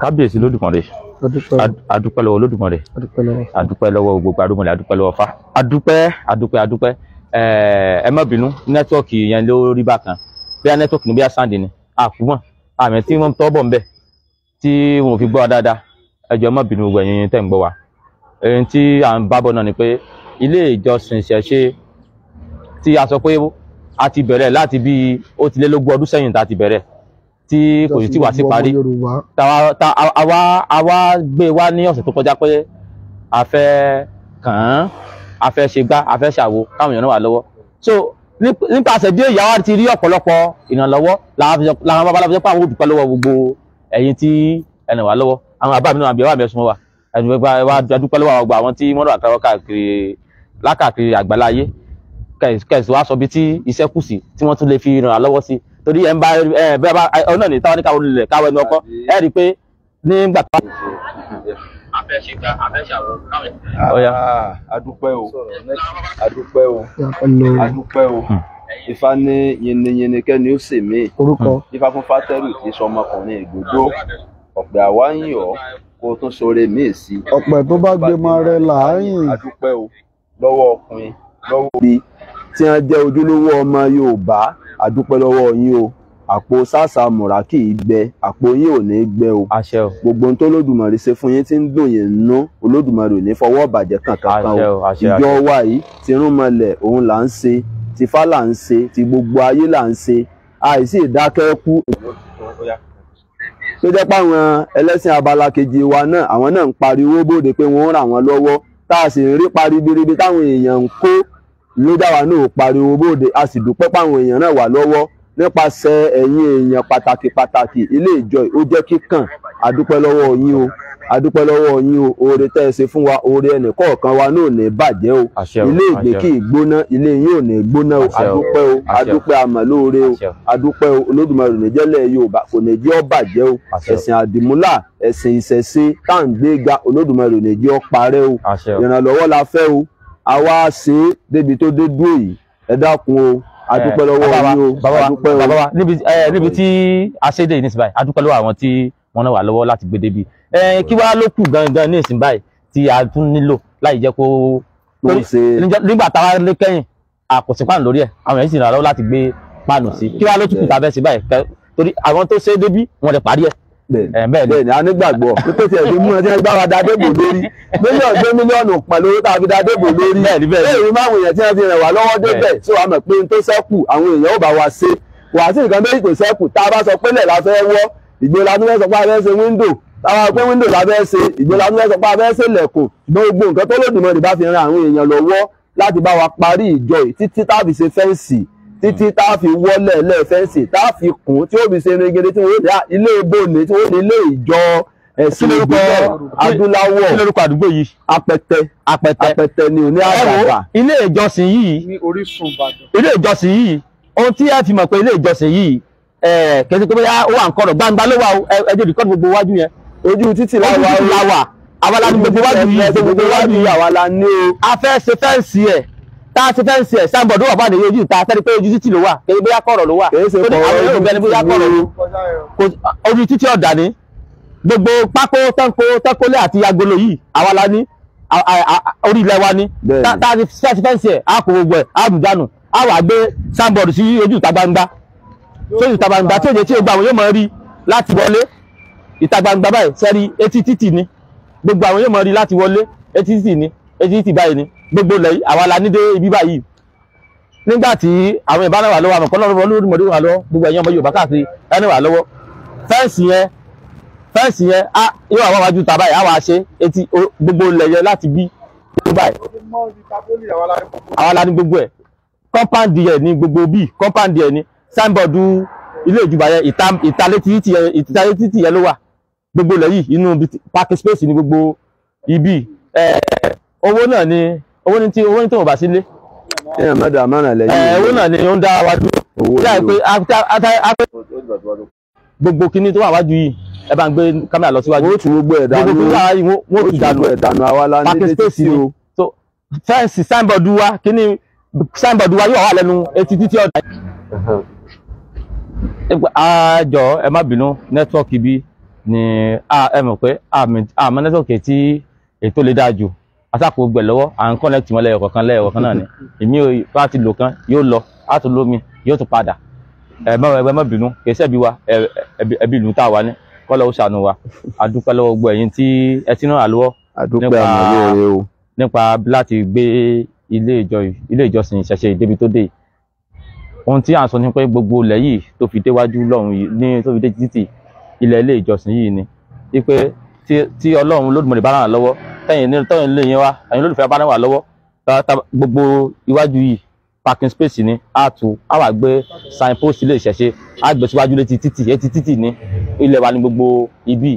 kábíyèsí lódùmarè adúpẹ́ lọ́wọ́ lódùmarè adúpẹ́ lọ́wọ́ gbogbo arúmọlẹ̀ adúpẹ́ lọ́wọ́ fa adúpẹ́ adúpẹ́ adúpẹ́ ẹ má bínú nẹ́tíwọ́ọ̀kì yẹn ló rí bákan bíyà nẹ́tíwọ́ọ̀kì ni bíyà sáǹdì ni àkúmọ̀ àmì tí wọ́n tọ́ bọ̀ ń bẹ̀ tí wọn ò fi gbọ́ dáadáa ẹ jọ̀ọ́ má bínú gbogbo ẹ̀yin tẹ̀ ń gbọ́ wa ẹ̀yin tí à ń bábọ̀ náà ni pé ilé ìjọsìn ìṣẹ̀ṣe tí a sọ pé a ti bẹ̀rẹ̀ láti bíi ó ti lé lógún ọdún sẹ́yìn tá a ti bẹ̀rẹ̀ tí kò sì tí wà sí parí àwa gbé wá ní ọ̀sẹ̀ tó kọjá pé a fẹ́ kàn án a fẹ́ ṣe gbá a fẹ́ ṣàwo káwọn èèyàn náà wà lọ́wọ́ so nípasẹ̀ bí èyí àwa ti rí ọ̀pọ̀lọpọ̀ ìrànlọ́wọ́ làwọn babaláwo jẹ́ pé àwọn olùdúpẹ́ lọ́wọ́ gbogbo ẹ̀yin tí ẹnì wà lọ́wọ́ àwọn àbá mi náà àbí ẹwà mi ẹ̀sùn wà ẹ̀dùn ẹgbẹ́ wa dúpẹ́ lọ́wọ́ àwọn àwọn tí wọ́n rà káàkiri lákàkiri àgbáláyé kẹ̀sì wá sọ bí tí iṣẹ́ kù sí tí wọ́n tún lè fi ràn án lọ́wọ́ sí torí ẹ̀ ń bá ẹ̀ bẹ́ẹ̀ bá ọ̀nà ní táwọn oníkàwé lulẹ̀ káwọ́ ẹnu ọkọ́ ẹ̀ rí i pé nígbà tó. ọ̀yà adúpẹ́ o adúpẹ́ o adúpẹ́ o ifá ní yinniyinni kẹ́ni ó sì mí ifá fún fátẹ́rù tí sọmọkùnrin ìgbòdo ọ̀pẹ àwa ń yọ̀ kó o tún sọre míì sí. ọ̀pẹ tó bá gbé mọ́ rẹ̀ là á yìn. adúpẹ́ o lọ́wọ́ ọkùnrin lọ́wọ́ obì tí wọ́n jẹ́ ojúlówó ọmọ Yorùbá àdúpẹ́ lọ́wọ́ yín o àpò sàṣà mùrákì gbẹ àpò yín ò ní gbẹ o àṣẹ o gbogbo ohun tó lódùmarè ṣe fún yín tí ń dùn yín nú olódùmarè ò ní fọwọ́ bàjẹ́ kankan kan o ìjọ wa yìí ti rún mọlẹ̀ òun là ń ṣe ti fá là ń ṣe ti gbogbo ayé là ń ṣe àìsí ìdákẹ́ kú tó jẹ́ páwọn ẹlẹ́sìn abala kejì wa náà àwọn náà ń pariwo bóde pé wọ́n ń ràn wọ́n lọ́wọ́ tá a sì ń rí paribiribi táwọn èèyàn ń kó ló dáwà náà pariwo bóde a sì dúpẹ́ páwọn èèyàn náà wà lọ́wọ́ nípasẹ̀ ẹ̀yin èèyàn pàtàkì pàtàkì ilé ìjọ ó jẹ́ kíkàn adúpẹ́ lọ́wọ́ yín o adúpẹ́ lọ́wọ́ yín o oore tẹ́ ẹ ṣe fún wa oore ẹnì kọ̀ọ̀kan wa náà ò ní bàjẹ́ o ilé ìgbé kì í gbóná ilé yín ò ní gbóná o adúpẹ́ o adúpẹ́ àmọ́ lóore o adúpẹ́ o olódùmarè ní jẹ́lẹ̀ Yorùbá kò ní jẹ́ ó bàjẹ́ o ẹ̀sìn àdìmúlà ẹ̀sìn ìṣẹ̀ṣe tá à ń gbé ga olódùmarè ní jẹ́ ó parẹ́ o ìrànlọ́wọ́ la fẹ́ o àwa ṣe é débi tó dé dúró yìí ẹ dákun o adúpẹ́ eh, lọ́wọ́ yín o adúpẹ́ o. bàbá wa eh, níbi tí a ṣe dé ìnísìn báyìí adúpẹ́ lọ́wọ́ àwọn tí wọ́n náà wà lọ́wọ́ láti gbé débi eh, kí wàá ló kù gangan ní ìsìn báyìí tí a tún nílò láì jẹ́ kó nígbà táwa lé kẹ́yìn àkọsí pàánù lórí ẹ̀ àwọn èèyàn sì ràn lọ́wọ́ láti gbé pàánù sí kí wàá ló tún kù tàbẹ́ sí báyìí torí àwọn tó ṣe débí wọ́n lè parí ẹ̀ bẹ́ẹ̀ ni a nígbàgbọ́ pípé tiẹ̀ fi mú ẹ tí wọ́n gbá wa dadébò lórí mílíọ̀nù gbé mílíọ̀nù pẹ̀lú tá a fi dadébò lórí bẹ́ẹ̀ ni máwọn èèyàn tí wọ́n fi rẹ̀ wá lọ́wọ́ débẹ̀ tí wàá mọ̀ pé n tó sẹ́kù àwọn èèyàn ò bá wa ṣe wàá sí nǹkan méjì tó sẹ́kù tá a bá sọ pé lẹ̀ la fẹ́ wọ́ ìgbéra tó fẹ́ sọ pé a fẹ́ ṣe wíńdò táwa pé wíńdò la fẹ́ ṣe ìgbéra tó fẹ́ sọ pé a fẹ́ ṣe lẹ̀kùn gbogbo nǹkan tó lòdì mọ́ ni bá fi ran àwọn èèyàn lọ́wọ́ láti bá wa parí ìjọ yìí títí títí tá a fi wọlé lẹ́ẹ̀fẹ́ǹsì tá a fi kùn tí ó fi ṣe megere tí wọ́n ní ilé ibòní tí wọ́n ní ilé ìjọ ẹ̀sìn ìgbìmọ̀ adúláwọ̀ kí lórúkọ àdúgbò yìí apẹtẹ apẹtẹ apẹtẹ ni òní àgbàgbà. ilé ìjọsìn yìí ní orísun ìbàdàn ilé ìjọsìn yìí ohun tí ẹ fi mọ̀ pé ilé ìjọsìn yìí kẹsí pé bóyá ó wà ń kọ̀rọ̀ gbangba ló wà ó ẹjọ́ ìdíkọ́ gbogbo wájú yẹn. ojú títì láwa àwa la ní gbogbo wájú yìí àwa la ní o. a fẹ́ ṣe fẹ́ǹsì ẹ̀ bá ti fẹ́ ń ṣe ẹ̀ sáńbọ̀dù wà fáwọn ojú ìta sẹ́ni pé ojú títì ló wà kèé bóyá kọ̀rọ̀ ló wà kèé ṣe kọ̀rọ̀ ojú títì ọ̀dà ni gbogbo pákó tánko tánkólé àti agolo yìí àwa la ní orí ilẹ̀ wa ní tá a ti fẹ́ ń ṣe ẹ̀ á kó gbogbo ẹ̀ á dùn dànù a wà gbé sáńbọ̀dù sí ojú ìta gbangba sójú ìta gbangba tí èdè tí o gba àwọn yóò mọ rí láti wọlé ìta gbangba báyìí sẹ́rí etí títì ni gbogbo àwọn yóò mọ rí láti wọlé etí títì ni ti báyìí ni gbogbo lẹ́yìn àwa la ibi báyìí nígbà tí àwọn ìbánáwà lọ́wọ́ àmọ̀ kọ́nà lọ́wọ́ lórí mọ̀dé wà lọ́wọ́ gbogbo ẹ̀yàn ọmọ Yorùbá káàkiri ẹni wà lọ́wọ́ fẹ́ǹsì yẹn fẹ́ǹsì yẹn á yóò àwọn àwájú ta báyìí àwa ṣe etí gbogbo ilẹ̀ láti bí gbogbo báyìí àwa la ní gbogbo ẹ̀ compound yẹn ní gbogbo bíi compound yẹn ní signboard ilé ìjùbà yẹn ìtalétí owó náà ni owó ní tí owó ní tí wọ́n bá sílé ẹ̀yàn mẹ́ta mẹ́rin lẹ́yìn owó náà ni ó ń dá wa dúró láì pé gbogbo kinní tó wà wájú yìí ẹ bá ń gbé kámẹ́rà lọ síwájú wọ́n tún gbogbo ẹ̀ dànù gbogbo kinní wà yìí wọ́n tún dànù ẹ̀ dànù àwa la ní létí sí o so fẹ́ǹsì signboard wa kinní signboard wa yóò wà lẹ́nu etí títí ọ̀dà àjọ ẹ má bínú nẹ́tíwọ́ọ̀kì bí ni ẹ mọ̀ pé àmọ́ nẹ́tíwọ́ọ̀kì tí ètò lè dáa jù asáko gbẹ lọ́wọ́ à ń connect mọ́ lẹ́yọ̀ kọ̀ọ̀kan lẹ́yọ̀ kọ̀ọ̀kan náà ni èmi ò bá ti lò kan yóò lọ á tún lómi yóò tún padà ẹ mọ ẹ mọ bínú kì í ṣẹ̀bi wa ẹbí ìlú tá a wà ní kọ́lọ̀ ó ṣàánú wa a dúpẹ́ lọ́wọ́ gbogbo ẹ̀yin tí ẹ ti ràn án lọ́wọ́ nípa láti gbé ilé ìjọsìn ṣẹṣẹ ìdébi tó dé ohun tí à sọ ni pé gbogbo ilẹ̀ yìí tó fi déwájú lọ́hùn ní tó fi dé títì ilẹ̀ ilé ìjọsìn yìí ni wípé tí Ọlọ́run lódùmọ̀lẹ̀ bá ràn án lọ́wọ́ tẹ̀yìn ní tẹ̀yìn lè yẹn wa ẹ̀yin olólùfẹ́ bá náà wà lọ́wọ́ gbogbo iwájú yìí parking space ni a tù a wà gbé signpost ilé ìṣẹ̀ṣe a gbé síwájú létí títì etí títì ní ilẹ̀ wa ní gbogbo ibi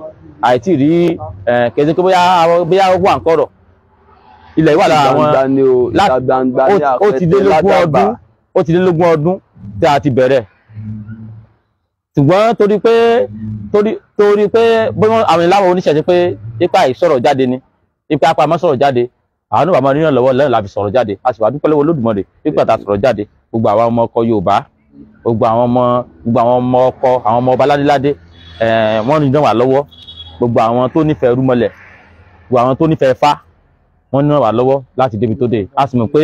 àìtí rí kẹsí pé bóyá ó wà ń kọ̀rọ̀ ilẹ̀ wà lára àwọn ó ti lé lógún ọdún ó ti lé lógún ọdún tí a ti bẹ̀rẹ̀ ṣùgbọ́n torí pé torí pé bóyá àwọn ìlànà oníṣẹ̀ṣe pé ipa ìsọ̀rọ̀ jáde ni ipe apá máa sọ̀rọ̀ jáde àwọn náà bá máa níyàn lọ́wọ́ lẹ́yìn la fi sọ̀rọ̀ jáde a sì wá dúpẹ́ lọ́wọ́ Olódùmarè ipe àtà sọ̀rọ̀ jáde gbogbo àwọn ọmọ ọkọ Yorùbá gbogbo àwọn ọmọ gbogbo àwọn ọmọ ọkọ àwọn ọmọ ọba ládéládé wọ́n ní dán wà lọ́wọ́ gbogbo àwọn tó nífẹ̀ẹ́ rúmọlẹ̀ gbogbo àwọn tó nífẹ̀ẹ́ fá wọ́n ní wà lọ́wọ́ láti débi tó dé a sì mọ̀ pé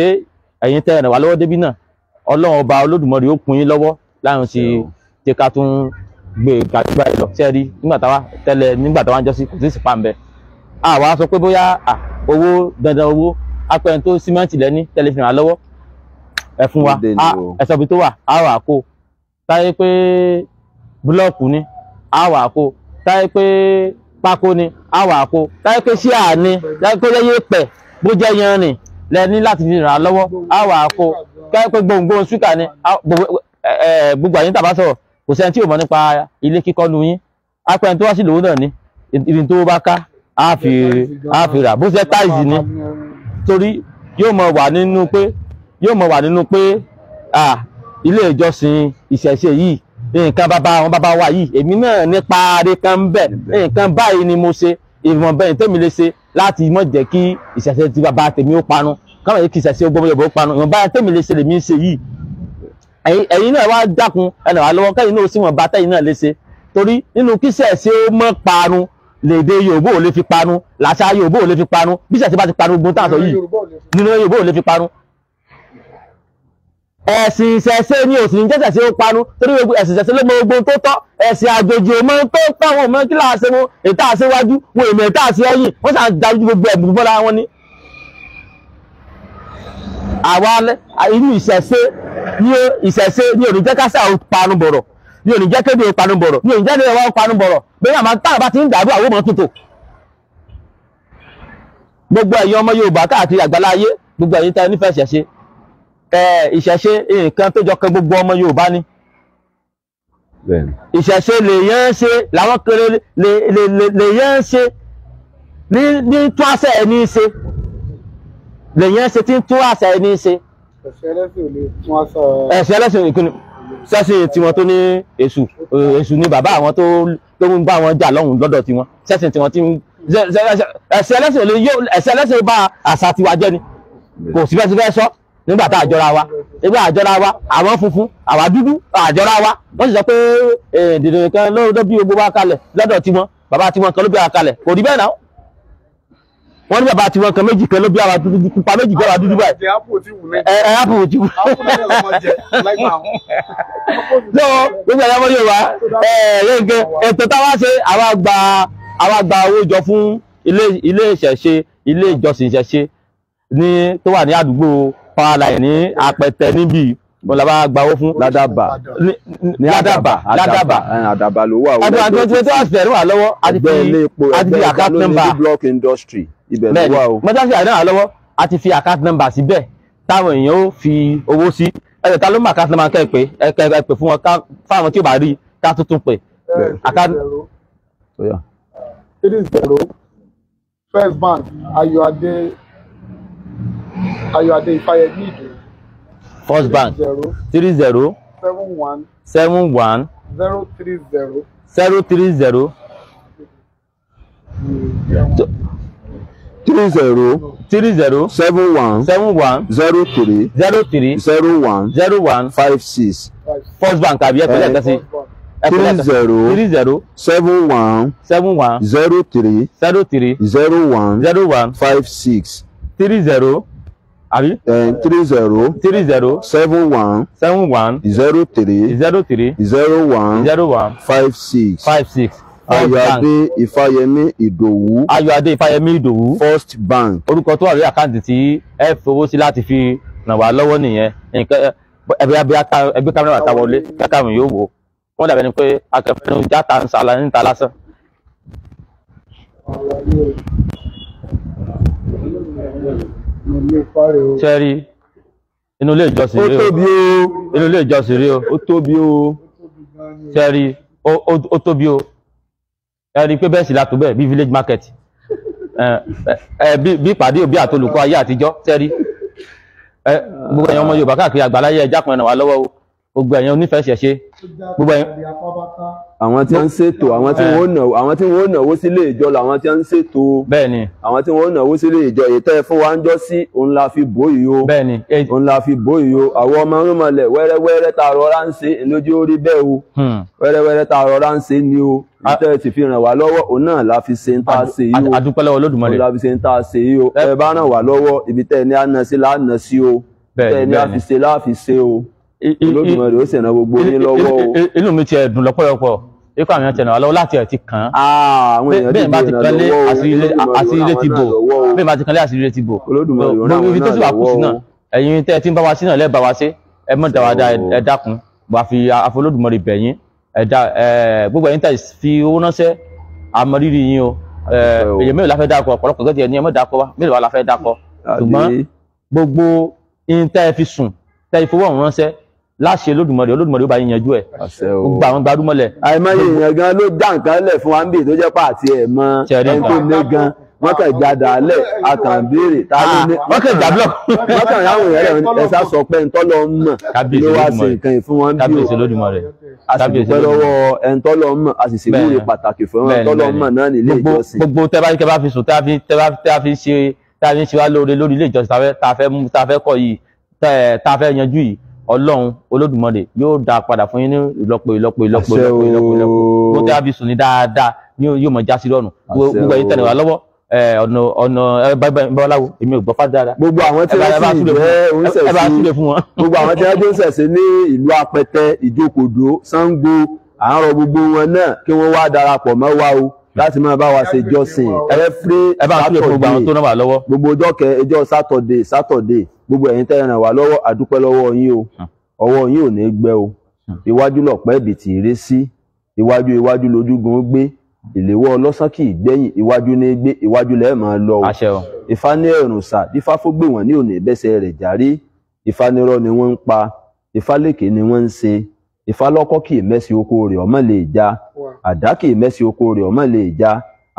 ẹ̀yin tẹ́ ẹ̀rẹ̀ wà lọ́wọ́ débi náà Ọlọ́run ọba Olódùmarè ó kún yín lọ́wọ́ láàrin sí jẹ́ ká tún gbé gàdúrà àwa sọ pé bóyá owó dandan owó apẹ̀yìn tó símẹ́ǹtì lẹ́ní tẹlifíṣàn alọ́wọ́ ẹ fún wa ẹ̀sọ́ ibi tó wà á wà kó táyé pé búlọ́ọ̀kù ni á wà kó táyé pé pákó ni á wà kó táyé pé ṣíà ni táyé pé lẹ́yìn pẹ̀ bó jẹ́ yan ni lẹ́ni láti fi ràn án lọ́wọ́ á wà kó táyé pé gbòǹgbòǹ ṣúkà ni gbogbo àyín tàbá sọ̀rọ̀ kò sẹ́ni tí ò mọ̀ nípa ilé kíkọ́ nu yín apẹ̀yìn tó wá sí lòun náà ni ibi tó bá ká a fi a fi rà bó ṣe táìsì ni torí yóò mọ wà nínú pé yóò mọ wà nínú pé ilé ìjọsìn ìṣẹ̀ṣe yìí nǹkan bàbá àwọn bàbá wa yìí èmi náà nípa ààrẹ kan ń bẹ nǹkan báyìí ni mo ṣe ìwọ̀n bẹ́ẹ̀ tẹ́mi lè ṣe láti mọ̀ jẹ́ kí ìṣẹ̀ṣe ti bàbá tèmi ó parun káwọn yìí kì í ṣẹ̀ṣe ó gbọ́mọ Yorùbá ó parun ìwọ̀n báyìí tẹ́mi lè ṣe lèmi ń ṣe yìí ẹ̀yin náà wá dákun ẹnà wà lọ́wọ́ kẹ́yìn náà ó sì wọ̀n bá tẹ́yìn náà lè ṣe torí nínú kí ìṣẹ̀ṣe ó mọ̀ parun lèdè Yorùbá ò lè fi panu làṣà Yorùbá ò lè fi panu bíṣẹ̀ tí bá ti panu gbọ́n tàṣọ yìí nínú Yorùbá ò lè fi panu ẹ̀sìn ìṣẹ̀ṣẹ̀ ni òsì ní jẹ́sẹ̀ sí ó panu torí gbogbo ẹ̀sìn ìṣẹ̀ṣẹ̀ ló mọ gbogbo tó tọ́ ẹ̀sìn àjòjì ò mọ tó tọ́ wọn mọ kí láàṣẹ wọn ètà àṣewájú wọn èmọ̀ ètà àṣe ẹ̀yìn wọ́n sàn dájú gbogbo ẹ̀bùn bọ́lá wọn ni. àwa inú ìṣẹ̀ṣẹ̀ ní ìṣẹ̀ṣẹ̀ ní òní jẹ́ kásá ò panu bọ̀rọ̀ ní òní jẹ́ kéde ò panu bọ̀rọ̀ ní òní jẹ́ bẹ́ẹ̀ àmà táàbà ti ń dàrú àwọn ọmọ tuntun gbogbo ẹ̀yin ọmọ Yorùbá káàkiri àgbàlá ayé gbogbo ẹ̀yin tá nífẹ̀ẹ́ ìṣẹ̀ṣe ẹ̀ ìṣẹ̀ṣe nǹkan tó jọ kan gbogbo ọmọ Yorùbá ni ìṣẹ̀ṣe lèyàn ń ṣe làwọn kéré lèyàn ń ṣe ní tún àṣẹ ẹni ṣe lèyàn ń ṣe tí ń tún àṣẹ ẹni ṣe ẹ̀ṣẹ̀ ẹlẹ́sìn ìkíni ṣẹ́sìn tiwọn tó ní èṣù èṣù ni bàbá àwọn tó tó ń bá wọn jà lọ́hùn lọ́dọ̀ tiwọn ṣẹ́sìn tiwọn ti ń ẹ̀sìn ẹlẹ́sìn lè yóò ẹ̀sìn ẹlẹ́sìn bá àṣà tiwa jẹ́ ni kò sí fẹ́ẹ́ fẹ́ẹ́ sọ nígbà tá àjọra wa nígbà àjọra wa àwọn funfun àwa dúdú àjọra wa wọ́n sì sọ pé dìdìrín kan lọ́dọ̀ bí gbogbo wa kalẹ̀ lọ́dọ̀ tiwọn bàbá tiwọn kan ló bí wa kalẹ̀ kò rí bẹ́ẹ̀ náà wọ́n ní bàbá àti wọn kan méjì kan ló bí àwa dúdú pupa méjì bí àwa dúdú báyìí. ẹ ápù òtí wù. lọ gbogbo ẹ̀yà wọ́n yóò wá ẹ̀ẹ́dẹ́gbẹ́ ètò táwa ṣe àwa gba àwa gba owó jọ fún ilé ìṣẹ̀ṣe ilé ìjọsìn ìṣẹ̀ṣe ní tó wà ní àdúgbò Powerline ní Apẹtẹ níbí wọn la bá gbawó fún. ládàbà ní àdàbà àdàbà àdàbà ló wà. àdàbà tó ti tó àṣìṣe wà lọ́wọ́ àti fi àti fi account number. ní block industry ibẹ̀ ló wà o. mọ́tàṣì àdàbà wà lọ́wọ́ àti fi account number síbẹ̀ táwọn èèyàn ó fi owó sí. ẹ̀rọ ta ló mọ account number kẹ́ ẹ pé ẹ kẹ́ ẹ pè fún wọn fáwọn tí ò bá rí ká tuntun pè. three zero first bank ayọ̀adé ayọ̀adé ifáyẹmí ìdó. First Bank zero three zero seven one seven one zero three zero zero three zero three zero three zero seven one seven one zero three zero three zero one zero one five six First Bank àbí ẹ̀kọ́ lẹ́ẹ̀kan sí three zero three zero seven one seven one zero three zero three zero one zero one five six three zero àbí. Eh, three zero. three zero. seven one. seven one. zero three. zero three. zero one. zero one. five six. five six. Ayọ̀adé Ifáyẹmí Ìdòwú. Ayọ̀adé Ifáyẹmí Ìdòwú. First Bank. Orúkọ tó wà lórí àkáǹtì tí ẹ fowó sí láti fi ràn wá lọ́wọ́ nìyẹn. Nǹkan ẹbí ẹgbẹ́ kámẹ́rà wà ká wọlé kákàmù yóò wò. Wọ́n dàbẹ̀ ni pé akẹ́fẹ́nu játa ń sàlà níta lásán. Thank you sẹ́rí inú ilé ìjọsìn rí o inú ilé ìjọsìn rí o ó tóbi o sẹ́rí ó tóbi o ẹ̀rí pé bẹ́ẹ̀ sì látò bẹ́ẹ̀ bí village market bí ìpàdé òbí àtolùkọ́ ayé àtijọ́ sẹ́rí gbogbo ẹ̀yàn ọmọ Yorùbá káàkiri àgbáláyé ẹja kan ẹ̀ràn wá lọ́wọ́ o gbogbo ẹ̀yin onífẹ̀ẹ́ ṣẹ̀ṣe gbogbo ẹ̀yin. àwọn tí wọ́n ń ṣètò àwọn tí wọ́n náwó àwọn tí wọ́n náwó sílé ìjọ làwọn tí wọ́n ń ṣètò. bẹ́ẹ̀ni. àwọn tí wọ́n náwó sílé ìjọ ètò ẹ fún wa ń jọ sí òun la fi bó yìí o. bẹ́ẹ̀ni. òun la fi bó yìí o àwọn ọmọ irúnmọlẹ̀ wẹ́rẹ́wẹ́rẹ́ tá a rọra ń ṣe lójú orí bẹ́ẹ̀ o hmm. wẹ́rẹ́wẹ́rẹ́ tá a rọra ń ṣe ni o ìtẹ́ ti fi ràn wá lọ́wọ́ òun náà la fi ṣe ń ta ṣe yìí o adúpẹ́lẹ́ Olódùmarè la fi ṣe ń ta ṣe yìí o ẹ bá ràn wá lọ́wọ́ ibi tẹ́ ẹ ní àná sí láàánú sí o tẹ́ ẹ ní àfiṣe láàfiṣe o olódùmarè ó sì ràn gbogbo yín lọ́wọ́ o. inú mi ti ẹ̀ dùn lọ́pọ̀lọpọ̀ ikọ̀ àwọn èèyàn ti ràn wá lọ́wọ́ láti ẹ̀ ti kàn án ah, bẹ́ẹ̀ bá ti kanlé àṣírí ti bò bẹ́ẹ̀ bá ti kanlé àṣírí ti bò gbogbo ibi tó sì wà kù sí náà ẹ̀yin tẹ́ ẹ ti ń bá wa sí náà lẹ́ẹ̀ bá wa sí ẹ mọ̀ dáadáa ẹ dákun wàá fi àfolódùmarè bẹ̀ yín ẹ̀dá gbogbo ẹ̀yin tẹ́ fi owó ránṣẹ́ àmọ̀rírì yín o èyàn mélòó la fẹ́ dákọ̀ ọ̀pọ̀lọpọ̀ gẹ́gẹ́ ni ẹ mọ̀ dákọ̀ wa mélòó la fẹ́ dákọ̀ ṣùgbọ́n gbogbo yín tẹ́ fi sùn tẹ́ fi fowó ọ̀hún ránṣẹ́ láṣẹ lódùmarè olódùmarè ó bá yín yanjú ẹ gbogbo àwọn gbadúmọlẹ. àìmọye èèyàn gan ló dá nǹkan lẹ fún wa ń bè tó jẹ pààtì ẹ mọ ẹni tó lé gan wọn kàn jáda lẹ àtàǹbéèrè tá ló ní. Ah, wọn kàn jábọ. wọn kàn yáwọn èèyàn rẹ ẹsà sọ pé ntọ́lọ mọ̀ ló wá sí nǹkan yìí fún wọn bí o kábíyèsí lódùmarè. a sì dúpẹ́ lọ́wọ́ ẹ̀ńtọ́lọ mọ̀ a sì sì wúre pàtàkì fún ẹ̀ńtọ́lọ mọ̀ náà nílé ìjọsìn. gbogbo tẹ́ bá ní kẹ́ bá fi sùn tẹ́ bá fi ṣe tá a fi ń ṣe wá lóore lórí ilé ìjọsìn tá a fẹ́ kọ́ yìí tá a fẹ́ yanjú yìí ọlọ́run olódùmarè yóò dá a padà fún yín ní ìlọ́po ìlọ́po ìlọ́po ìlọ́po ìlọ́po ìlọ́po tó tẹ́ àbí sùn ní dáadáa ni yóò mọ̀ já sí rọ̀nù gbogbo ẹ̀yin tẹ̀lé wa lọ́wọ́ ọ̀nà ọ̀nà bábaláwo èmi ò gbọ́ fà dáadáa. gbogbo àwọn tí wọ́n sì jẹ́ oníṣẹ̀ṣe gbogbo àwọn tí wọ́n jẹ́ oníṣẹ̀ṣe ní ìlú apẹtẹ ìjókòdó Ṣàngó à ń rọ gbogbo wọn náà kí wọ́n wá darapọ̀ mọ́ wa o láti máa bá wa ṣe jọ́sìn every Saturday gbogbo ọjọ́ kẹ ẹjọ́ Saturday Saturday gbogbo ẹ̀yin tẹ́ ràn wá lọ́wọ́ àdúpẹ́ lọ́wọ́ yín o hmm. ọwọ́ yín ò ní gbẹ o hmm. iwájú lọ̀pẹ́ ìdìtì rẹ sí iwájú iwájú lójúgun gbé ìléwọ́ ọlọ́sán kì í gbẹ̀yìn iwájú ní gbé iwájú lẹ́ẹ̀ máa lọ o Ifá ní ẹ̀rùn sà dífá fó gbé wọ́n ní òní ìbẹ́sẹ̀ rẹ̀ járí Ifá nírọ́ ni wọ́n ń pa Ifá lékè ni wọ́n ń ṣe Ifá lọ́kọ́ kì í mẹ́sì oko rẹ̀ ọmọ lè já àdákì mẹ́sì oko rẹ̀ ọmọ lè já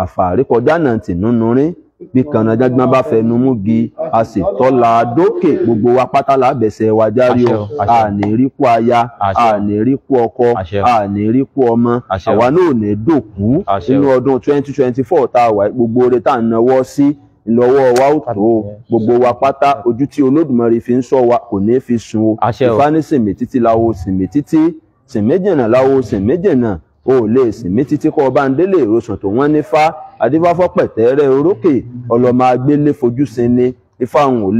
àfàrí kọjá náà tì núnúrín bí kànáà jágbọ́n bá fẹnu mú gi a sì tọ́la dókè gbogbo wa pátá lábẹ̀sẹ̀ wa járe o a ní rí kú aya a ní rí kú ọkọ a ní rí kú ọmọ àwa náà ò ní dòkú nínú ọdún twenty twenty four tá a wà gbogbo oore tá a náwó sí lọ́wọ́ wa ó tó gbogbo wa pátá ojú tí olódùmarè fi ń sọ wa kò ní fi sun ìfanísìnmí títí láwo sìnmí títí sìnmí jìnnà láwo sìnmí jìnnà o lè sìn mí títí kọ́ ọba ń délé ìrosàn tó wọ́n ní fá adébáfọ́ pẹ̀tẹ́rẹ́ orókè ọlọ́mọ agbélé fojú sin ni ifá ń ò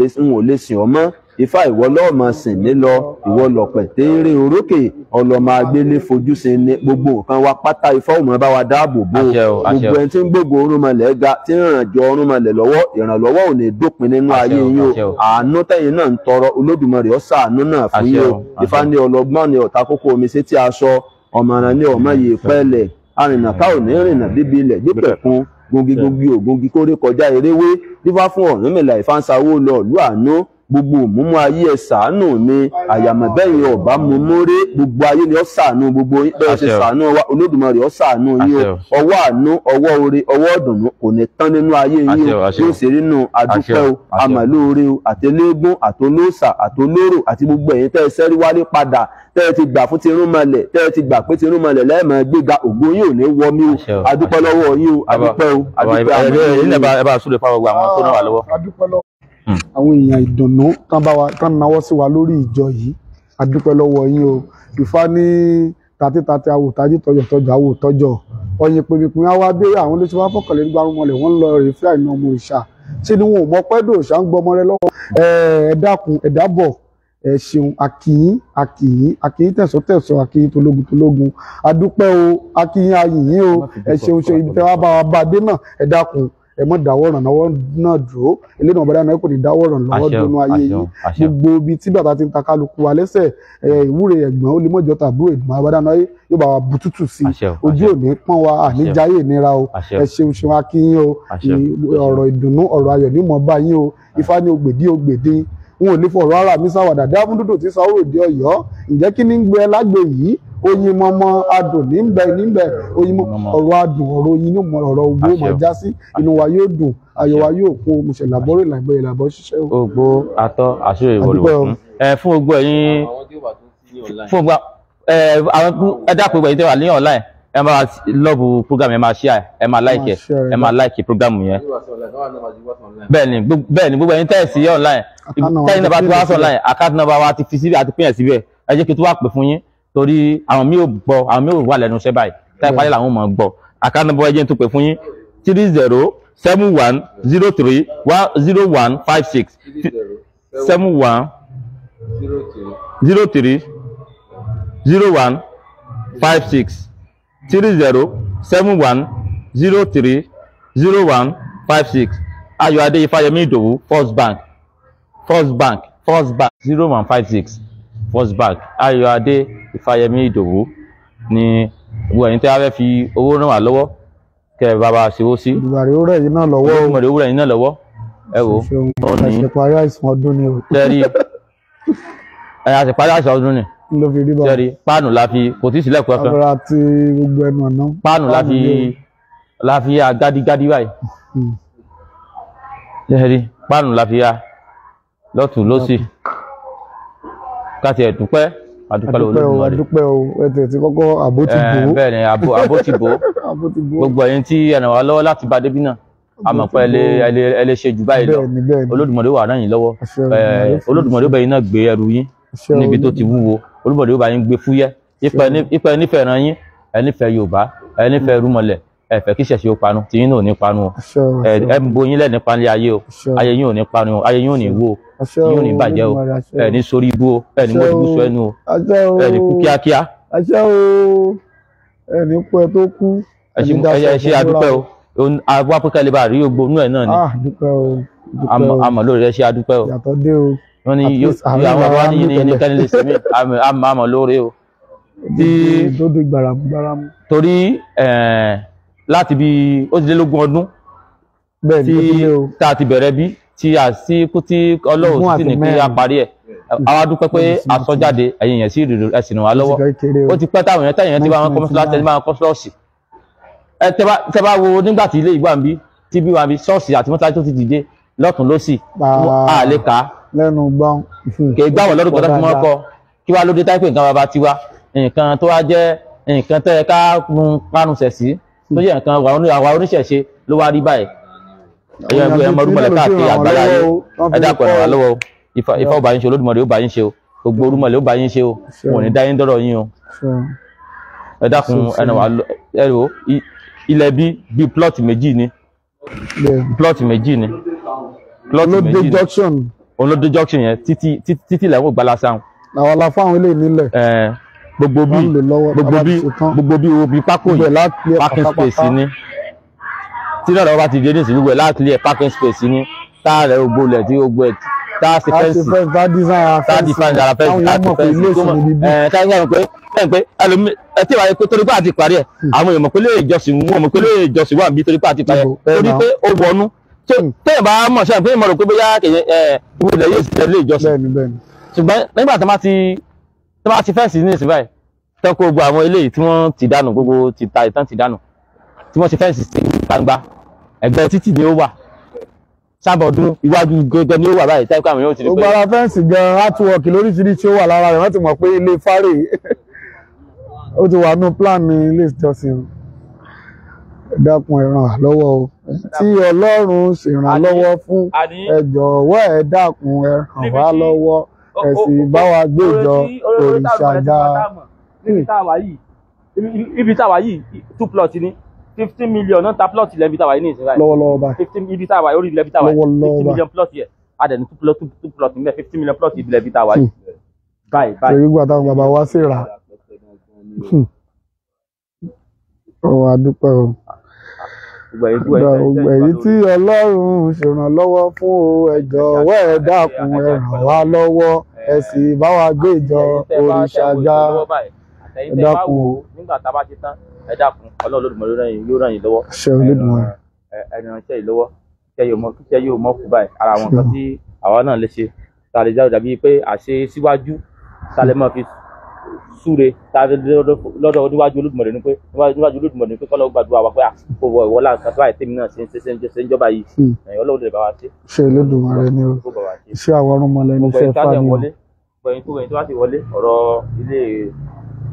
lè sìn ọmọ ifá ìwọ lọ́ọ̀mọ sìn mí lọ ìwọ lọ pẹ̀tẹ́rẹ́ orókè ọlọ́mọ agbélé fojú sin ni gbogbo nǹkan wa pátá ifá ò mọ bá wa dáàbò bò gbogbo ẹni tí ń gbogbo orúnmọlẹ̀ ga tí ń ràn jọ orúnmọlẹ̀ lọ́wọ́ ìrànlọ́wọ́ ò ní dópin nínú ayé yín o àánú tẹ̀yin náà ń tọrọ olódùmarè ó ṣàánú náà fún yín o ifá ní ọlọ́gbọ́n ní ọ̀tá kókó omi sétí aṣọ ọ̀mọ̀ràn ni ọ̀mọ yìí pẹ́lẹ̀ arìnà ká ò ní rìnà bíbí ilẹ̀ dípẹ̀ kún gungi gungi ògungi kórè kọjá eréwé dífá fún ọ̀rúnmìlà ìfáǹsà owó lọ ìlú àánú gbogbo òmùmú ayé ẹ ṣàánú mi àyàmọ̀ bẹ́yìn ọ̀bá mu múrí gbogbo ayé ni ó ṣàánú gbogbo bẹ́ẹ̀ ṣe ṣàánú wa olódùmarè ó ṣàánú yín o ọwọ́ àánú ọwọ́ oore ọwọ́ ọ̀dùnnú kò ní tán nínú ayé yín o tí ó sì rínú adúpẹ́ o àmàlóore o àtẹlẹ́gùn àtolóòṣà àtolóró àti gbogbo ẹ̀yin tẹ́ ẹ sẹ́rí wálé padà tẹ́ ẹ ti gbà fún tirúnmọlẹ̀ tẹ́ ẹ ti gbà pé tirúnmọlẹ̀ lẹ́ẹ̀mọ́ gbéga ògo yín ní wọ mí o adúpẹ́ lọ́wọ́ yín o adúpẹ́ o adúpẹ́ Hmm. àwọn èèyàn ìdùnnú tán bá wa tán náwó sí wa lórí ìjọ yìí a dúpẹ́ lọ́wọ́ yín o Ifá ní tatítati awòtájí tọjọtọjọ awòtọjọ ọyìn pinpin àwa abẹ́rẹ́ àwọn olóṣèlú wa fọkànlẹ̀ nígbà wọn mọlẹ̀ wọn lọ rèé fúláì ní ọmọ òòṣà ṣé ni wọn ò mọ pẹ́ẹ́dọ̀ òòṣà ń gbọmọ rẹ lọ́wọ́ ẹ dákun ẹ dábọ̀ ẹ ṣeun àkìyín àkìyín àkìyín tẹ̀sọ́tẹ̀sọ́ àkìyín tológun tológun adúpẹ́ o àkìyín ayìyín o ẹ ṣeun ṣe ibi tẹ́ wá bá wa bá a dé náà ẹ dákun ẹ mọ́ dáwọ́ ìrànlọ́wọ́ náà dúró eléyìí náà bọ́dá náà kò ní dáwọ́ ìrànlọ́wọ́ dúnú ayé yìí gbogbo ibi tí bàbá ti ń ta kálukú wa lẹ́sẹ̀ ìwúre ẹ̀gbọ́n ó lè mọ́jọ́ tàbí ìdùnnú abọ́dá náà yóò bá wa bututu sí i ojú ò ní pọ́n wa àníjáyé ìnira o ẹ ṣeun ṣeun akínyìn o ọ̀rọ̀ ìdùnnú ọ̀rọ̀ ayọ̀ ní mọ̀ bá o ifá ní ògbèdí ògbèdí n ò lè fọ̀rọ̀ ara mi sáwàdà dáfúndúdò tí sáwòrò dé ọ̀yọ́ ǹjẹ́ kí ni ń gbé ẹ lágbe yìí oyin mọmọ adùn níbẹ̀ níbẹ̀ oyin mọ ọ̀rọ̀ adùn ọ̀rọ̀ oyin ní ọ̀rọ̀ owó máa já sí inú wa yóò dùn ayọ̀ wa yóò kún omuṣẹ làbọrẹ làgbẹ ìlàbọ ṣiṣẹ o. ògbó atọ àṣírí ìwọlùwọ fún ogbó ẹ̀yin fún ogbó ẹ ẹ dápò ìgbà yìí tẹwà ní online ẹ máa lọ́ọ̀bù program ẹ máa share ẹ máa like ẹ máa like program yẹn bẹ́ẹ̀ni bẹ́ẹ̀ni gbogbo ẹ̀yin tẹ́ẹ̀ online tẹ́yìn náà bá tó wá sọ online account number wa ti fi síbẹ̀ àti pín ẹ̀ síbẹ̀ ẹ jẹ́ kí tó wá pè fún yín torí àwọn mi ò gbọ́ àwọn mi ò wà lẹ́nu iṣẹ́ báyìí táyà parí làwọn mọ̀ gbọ́ account number ẹjẹ́ tó pè fún yín three zero seven one zero three one zero one five six seven one zero three zero one five six three zero seven one zero three zero one five six ayọ̀adé ifáyẹmí ìdòwú first bank first bank first bank zero one five six first bank ayọ̀adé. Ifáyẹmí Ìdòwú ní gbogbo ẹ̀yin tí a fẹ́ fi owó ràn wá lọ́wọ́ kẹ bàbá ṣèwó sí. ìbàrí òwúrọ̀ yìí náà lọ́wọ́ o ìbàrí òwúrọ̀ yìí náà lọ́wọ́ ẹ wò ó ní. àṣẹ parí àìsàn ọdún ni o. tẹ́rí ẹ àṣẹ parí àìsàn ọdún ni. ló fi rí bá tẹ́rí páànù la fi kò tí ì sílẹ̀ kọ́ fẹ́. àbúrò àti gbogbo ẹnu ọ̀nà. páànù la fi la fi ya gádígádí báyìí. tẹ́rí páànù la fi ya lọ́tùn lọ́sì káti ẹ̀dùn adúpẹ́ o ẹtẹ ti kọ́kọ́ eh, àbó ti bò ó bẹ́ẹ̀ ni àbó ti bò ó gbogbo ẹ̀yin tí ẹ̀nà wa lọ́wọ́ láti bá débi náà àmọ́ pé ẹ lè ṣe jù báyìí lọ olódùmarè wà náà yín lọ́wọ́ olódùmarè eh, bẹ́ẹ̀ náà gbé ẹrù yín níbi tó ti wúwo olódùmarè bá yín gbé fúyẹ́ ìpẹ́ nífẹ̀ẹ́ ran yín ẹ nífẹ̀ẹ́ Yorùbá ẹ nífẹ̀ẹ́ rúmọlẹ̀ ẹ fẹ́ kí ṣẹ̀ṣẹ̀ ó panu tí yín ò ní panu ẹ ẹ ń bo yín lẹ́ni panlé ayé o ayé yín ò ní panu ayé yín ò ní wo yín ò ní bàjẹ́ o ẹ ní sórí ibú o ẹ ní mọ́jú sọ ẹnu o ẹ ní kú kíákíá. àṣẹ o ẹ ní kú ẹ tó kú. ẹ ṣe adúpẹ́ o àwọn apẹ́kẹ́ lè bá rí ogbó inú ẹ̀ náà ni. Ah, àmọ̀ lórí ẹ ṣe adúpẹ́ o. yàtọ̀ dé o. wọ́n ní àwọn wa ní ní kẹ́ni lè sèmi àmọ̀ lórí o. torí láti bí ó ti délógún ọdún tí tá a ti bẹ̀rẹ̀ bí tí a sí kú tí ọlọ́run sì ní kí a parí ẹ̀ àwa dúpẹ́ pé àsọjáde ẹ̀yìn yẹn sí ìrìnrìn ẹ̀sìn wa lọ́wọ́ ó ti pẹ́ táwọn èèyàn táyìn yẹn ti bá wọn kọ́ mọ́sálásí ẹni bá wọn kọ́ ṣọ́ọ̀ṣì ẹ tẹ́ bá wo nígbà tí ilé ìgbà ń bí tí bí wọn bí ṣọ́ọ̀ṣì àti mọ́sálásí tó ti dìde lọ́tún lọ́sì a lè kà á lẹ́nu gbọ́n kì í gbà wọ́n lọ́dún kọ́tà tí wọ́n kọ kí wàá lóde táìpé nǹkan bàbá tiwa nǹkan tó wá jẹ́ nǹkan tẹ́ ká parun sẹ̀ sí tó jẹ́ nǹkan àwa oníṣẹ̀ṣe ló wá rí báyìí ẹ̀yọ́ ẹ̀mọ́ ẹ̀mọ́ rúmọ̀lẹ́ káàkiri àgbáyé ẹ̀dá pẹ̀lú wa lọ́wọ́ ifá ọba yín ṣe olódùmarè ó bá yín ṣe o gbogbo orúmọ̀lẹ́ ó bá yín ṣe o wọn ò ní dá yín dọ́rọ̀ yín o ẹ dákun ẹnu wa ẹrọ ilẹ̀ bí bí plot méjì ni plot méjì ni plot méjì ni olódé junction yẹn títí títí lẹ́wọ̀n gbalasa. àwọn aláfáwọn ilé ìnílẹ̀ gbogbo bí gbogbo bí gbogbo bí wo bí pákó yìí parking space ni tí náà lọ́wọ́ bá ti dé ní ìsìnkú ẹ̀ láti lé ẹ̀ parking space ni tá a rẹ̀ gbogbo lẹ̀ tí gbogbo ẹ̀ tá a ṣe fẹ́ǹsì tá a di fẹ́ǹsì ara fẹ́ǹsì tá a ti fẹ́ǹsì tó mọ̀ ẹ̀ tá a yẹ pé ẹ̀ pé ẹlòmíì ẹ tí wàá pé torí pé àti parí ẹ̀ hmm. àwọn èèmọ̀ pé lè jọsìn wọ́n mọ̀ pé lè jọsìn wọ́n àbí torí pé àti parí ẹ̀ torí pé ó wọnú hmm. tẹ́yìn bá mọ̀ ṣe àpéyìn mọ̀ rò pé bóyá kẹ̀yìn ẹ̀ ìwé ilẹ̀ yóò sì tẹ̀lé ìjọsìn ṣùgbọ́n nígbà tí wọ́n ti tó bá ti fẹ́ǹsì ní ìsìn báyìí tán kó gbogbo àwọn eléyìí tí wọ́n ti dànù gbogbo ti ta ìtàn ti dànù tí wọ́n ti fẹ́ǹsì sí gbangba ẹ̀gbẹ́ títì ni ó wà sábọ̀dún iwájú gẹ́gẹ́ ni ó wà báyìí táìpé àwọn yóò ti rí pé. gbogbo ara fẹ́ǹsì gan-an lóríṣiríṣi ó wà lára rẹ̀ wọ́n ti mọ̀ pé ilé fárè ó ti wà nù plan ní ilé ìjọsìn dákun ẹ̀ràn lọ́wọ́ o tí ọlọ́run ṣèrànlọ́wọ́ fún ẹ jọ̀wọ́ ẹ dákun ẹ̀ràn wá lọ́wọ́ ẹ̀sìn ìbáwa gbé ìjọ òrìṣàgà ibi táwa yìí two plot ni fifteen million náà ta plot ilẹ̀ ibi táwa yìí ní ìsìn báyìí lọ́wọ́lọ́wọ́ báyìí ibi táwa yìí orí ilẹ̀ ibi táwa yìí fifteen million plot yẹ adẹ̀ni two plot two plot níbẹ̀ fifteen million plot ilẹ̀ ibi táwa yìí hmm. báyìí báyìí. ṣèyí gbàtà bàbá wa sí ra hmm. hmm. ọ̀hún adúpẹ́ o gbogbo èyí tí ọlọ́run ṣèrànlọ́wọ́ fún o ẹ jọ̀wọ́ ẹ dákun ẹ ràn wá lọ́wọ́ ẹ sì bá wa gbé ìjọ òrìṣà ga ẹ dákun o. nígbà tá a bá ti tán ẹ dákun ọlọ́run lòdùmọ̀ yóò ràn yín lọ́wọ́ ṣe olódùmọ̀ ẹni ránṣẹ́ yìí lọ́wọ́ kíṣẹ́ yóò mọ̀ kú báyìí ara àwọn nǹkan tí àwa náà lè ṣe tá jáde dàbí pé àṣe síwájú tá a fi súre tàbí lọ́dọ̀ níwájú olódùmọ̀rẹ́ ni pé níwájú olódùmọ̀rẹ́ ni pé kọ́lọ́ gbàdúrà wa pé àkókò ìwọlá nǹkan tó báyìí tèmi náà ṣe ń ṣe ń ṣe ń jọba yìí hmm. ọlọ́run lè bá wa ṣe. ṣe olódùmọ̀rẹ́ ni o ṣe àwọn ọmọlẹ́ ní iṣẹ́ fáwọn ọmọ. gbẹ̀yìn tó gbẹ̀yìn tó bá ti wọlé ọ̀rọ̀ ilé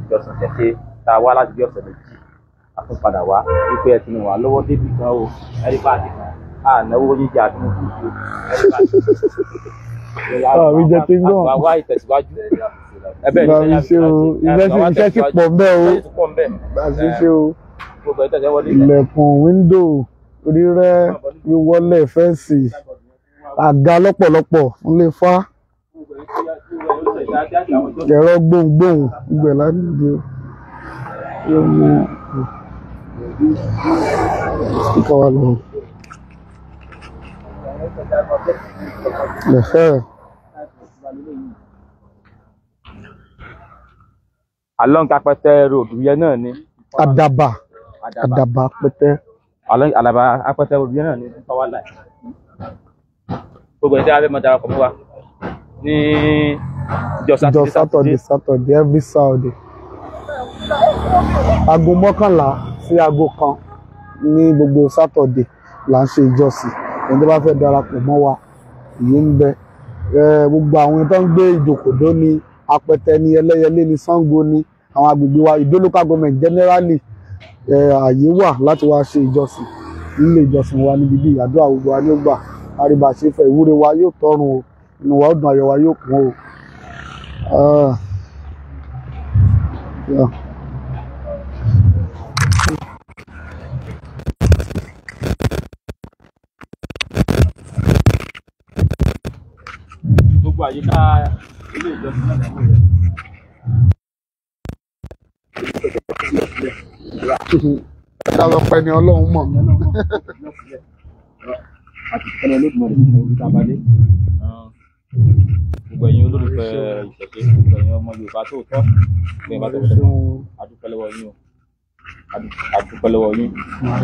ìjọsìn tẹ̀sẹ̀ tá a wá láti bí ọ̀sẹ̀ méjì a tún padà wá wípé ẹ ti nù wá lọ́wọ́ débì kan o ẹ̀rí bá a ti kàn á náwó yíjà àdúgbò àwọn ah, ìjẹ ti ń gbọ́ àwa ìtẹ̀síwájú ẹ̀bẹ̀ ní ṣe o iṣẹ́ ti pọ̀ mbẹ́ o àti ṣe o ilẹ̀kùn wíńdò rírẹ́ wíwọlé fẹ́ǹsì àga lọ́pọ̀lọpọ̀ ń lè fá ẹ̀rọ gbohùngbohùn gbẹ̀ ládùúgbò yóò mú ìkọ̀wá lọ́wọ́ along apẹtẹ road yẹn náà ni. àdàbà àdàbà apẹtẹ. along àdàbà apẹtẹ road yẹn náà ni power line. gbogbo ẹni tí a fẹ́ mọ darapọ̀ mọ́ wa ní ìjọ sátọ̀dé sátọ̀dé sátọ̀dé every saturday. aago mọ́kànlá sí aago kan ní gbogbo sátọ̀dé là ń ṣe ìjọsìn ẹni tó bá fẹ́ darapọ̀ mọ́ wa èyí ń bẹ eh, gbogbo àwọn tó ń gbé ìjòkòdó ni apẹtẹ ni ẹlẹ́yẹlé ni Ṣàngó ni àwọn agbègbè wa Ìdó local government generally eh, ààyè wà láti wá ṣe ìjọsìn nílé ìjọsìn wa níbi bí àdúrà gbogbo wa ní ó gbà àríbà ṣe ìwúre wa yóò tọrùn o inú wa ó dùn ayọ̀ wa yóò kún o. Ah. Yeah. àyíká ilé ìjọsìn náà lọ́wọ́ yẹn. Ẹ̀ka lọ pẹ́ ni Ọlọ́run mọ̀. Láti pẹ́ lọ́dún mọ̀ ní ìtàbádé. Gbogbo ẹ̀yin olólùfẹ́ ìṣẹ̀ṣe, gbogbo ẹ̀yin ọmọ Yorùbá tó tọ́, gbogbo ẹ̀yin bá tó o àdúpẹ́ lọ́wọ́ yín.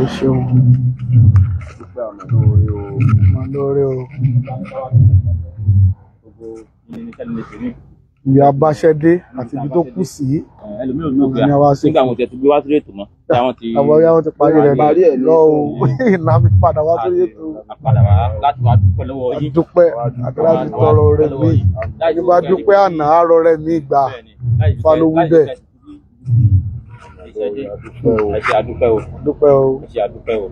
ẹ ṣeun. àdúpẹ́ àmọ́ ìyá Abáṣẹ́dé àti ibi tó kù sí ní àwa sí nígbà àwọn tẹ̀tù gbé wá sórí ètò mọ́ àwọn yàwó ti parí rẹ̀ lọ́wọ́ ìlànà padà wá sórí ètò láti wá dúpẹ́ lọ́wọ́ yín dúpẹ́ àgbàlagbà tọrọ rẹ̀ mí nígbà dúpẹ́ àná àárọ̀ rẹ̀ mí gbà falowú bẹ̀. ẹ ṣe àdúpẹ́ o dúpẹ́ o ẹ ṣe àdúpẹ́ o.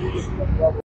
Thank you.